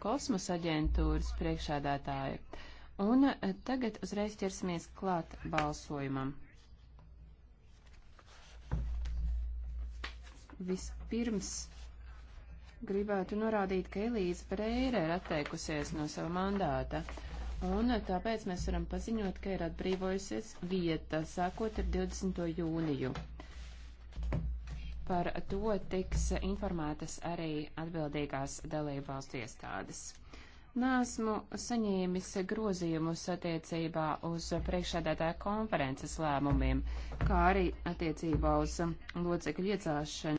kosmosa aģentūras priekšādātāja. Un tagad uzreiz ķersimies klāt balsojumam. Vispirms gribētu norādīt, ka Elīze Breire ir atteikusies no sava mandāta. Un tāpēc mēs varam paziņot, ka ir atbrīvojusies vieta, sākot ar 20. jūniju. Par to tiks informētas arī atbildīgās dalībvalstu iestādes. Nāsmu saņēmis grozījumus attiecībā uz priekšādātāja konferences lēmumiem, kā arī attiecībā uz locekļu iecāšanu.